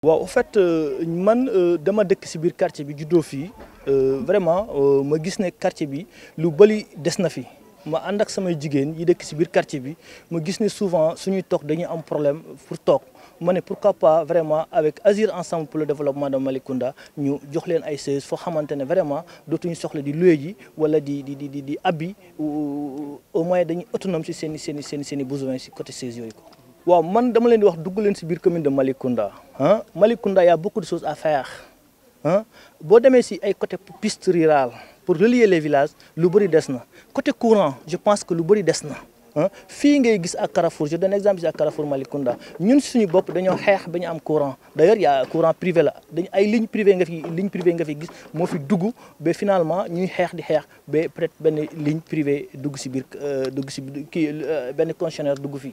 Wa en fait euh, man euh, dama dekk ci biir quartier bi juddoo fi euh, vraiment ma gis ne quartier bi lu bari des na fi ma ànd ak samay jigen yi dekk ci biir quartier bi ma gis ne souvent suñuy tok dañuy am problème pour tok ma ne pourquoi pas vraiment avec Azir ensemble pour le développement de Malicounda ñu jox leen ay seize fo xamantene ne vraiment dootuñu soxla di luye ji wala di di di di abbi au moins dañuy autonome ci seen i seen i seen besoins ci côté seize yooyu ko Wow, man dama leen di wax dugg leen si biir commune de Malicounda ah Malicounda y a beaucoup de choses à faire Hein? boo demee si ay côté piste rurale pour relier les villages lu bëri côté courant je pense que lu bëri des na ah fii ngay gis ak Carrefour je donne un exemple si ak Carrefour Nous ñun suñu bopp dañoo xeex ba ñu am courant D'ailleurs il y a courant privé la dañ ay ligne privée nga fi ligne privée nga fi gis moo fi dugg finalement ñuy xeex di xeex mais peut ben ligne privée dugg si biir euh, dugg si kii euh, benn concessionnaire dugg fii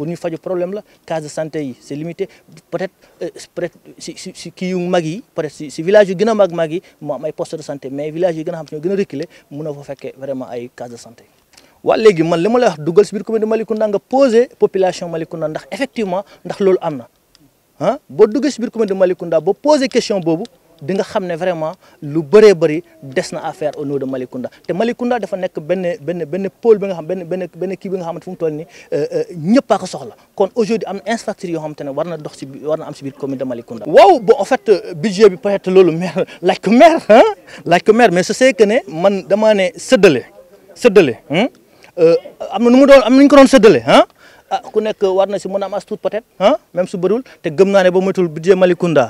pour faire du problème la case de santé c'est limité peut-être euh, peut si si si kii que peut si village mag poste de santé mais village villages gën a xam vraiment ay cas de santé Je léegi man je si de population malikunda effectivement ndax hein? si de question di nga xam ne vraiment lu bëree bëri des na à faire au niveau te Malicounda dafa nekk benn benn benn pôle bi nga xam benn benn benn kii bi nga xamante fu mu toll nii euh, euh, ñëpp ko soxla kon aujourd'hui am na infrastructure yoo xamante ne war na dox si war na am si biir commune de Malicounda. waaw bon en fait euh, bi peut être loolu maire laaj ko maire ah laaj ko mais su seet que ne man damaa ne séddale séddale am na nu mu doon am na ko doon séddale ah. ah ku nekk war na si mën a am as tuut peut-être ah même su bëriwul te gëm naa ne ba moytul budget Malicounda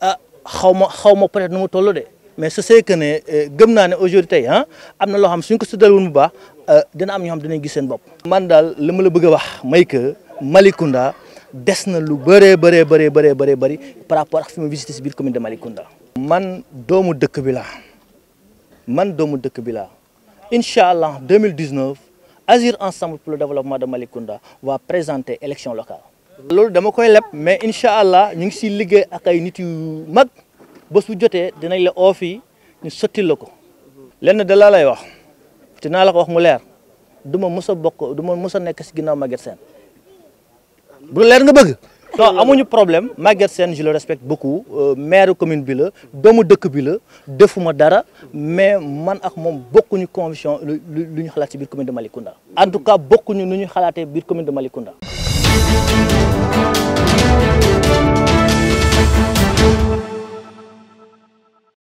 ah xaw ma xaw ma peut-être nu mu toll de mais su see que ne euh, gëm naa ne ah, am na loo xam suñ ko séddalewul bu baax euh, dina am ñoo xam dinañ gis seen bopp. man daal li ma la bëgg a wax may que Malicounda des na lu bëree bëree bëree bëree bëree bëri par rapport ak fi ma visité si biir commune de Malicounda. man doomu dëkk bi laa man doomu dëkk bi laa incha allah 2019 Agir ensemble pour le développement de Malicounda va présenter élection locale. loolu dama koy leb mais incha allah ñu ngi liggéey ak ay nit mag. ba bu jotee dinañ la oo fii ñu sottil la ko lenn da laa lay wax dinaa la ko wax mu leer du ma mës a bokk du ma mës a nekk si ginnaaw Maguette Sène bu leer nga bëgg non amuñu problème Maguette Sène je le respecte beaucoup euh, maire commune bi la doomu dëkk bi la defuma dara mais man ak moom bokkuñu conviction lu lu ñu xalaat si biir commune de Malicounda en tout cas bokkuñu nu ñu biir commune de Malicounda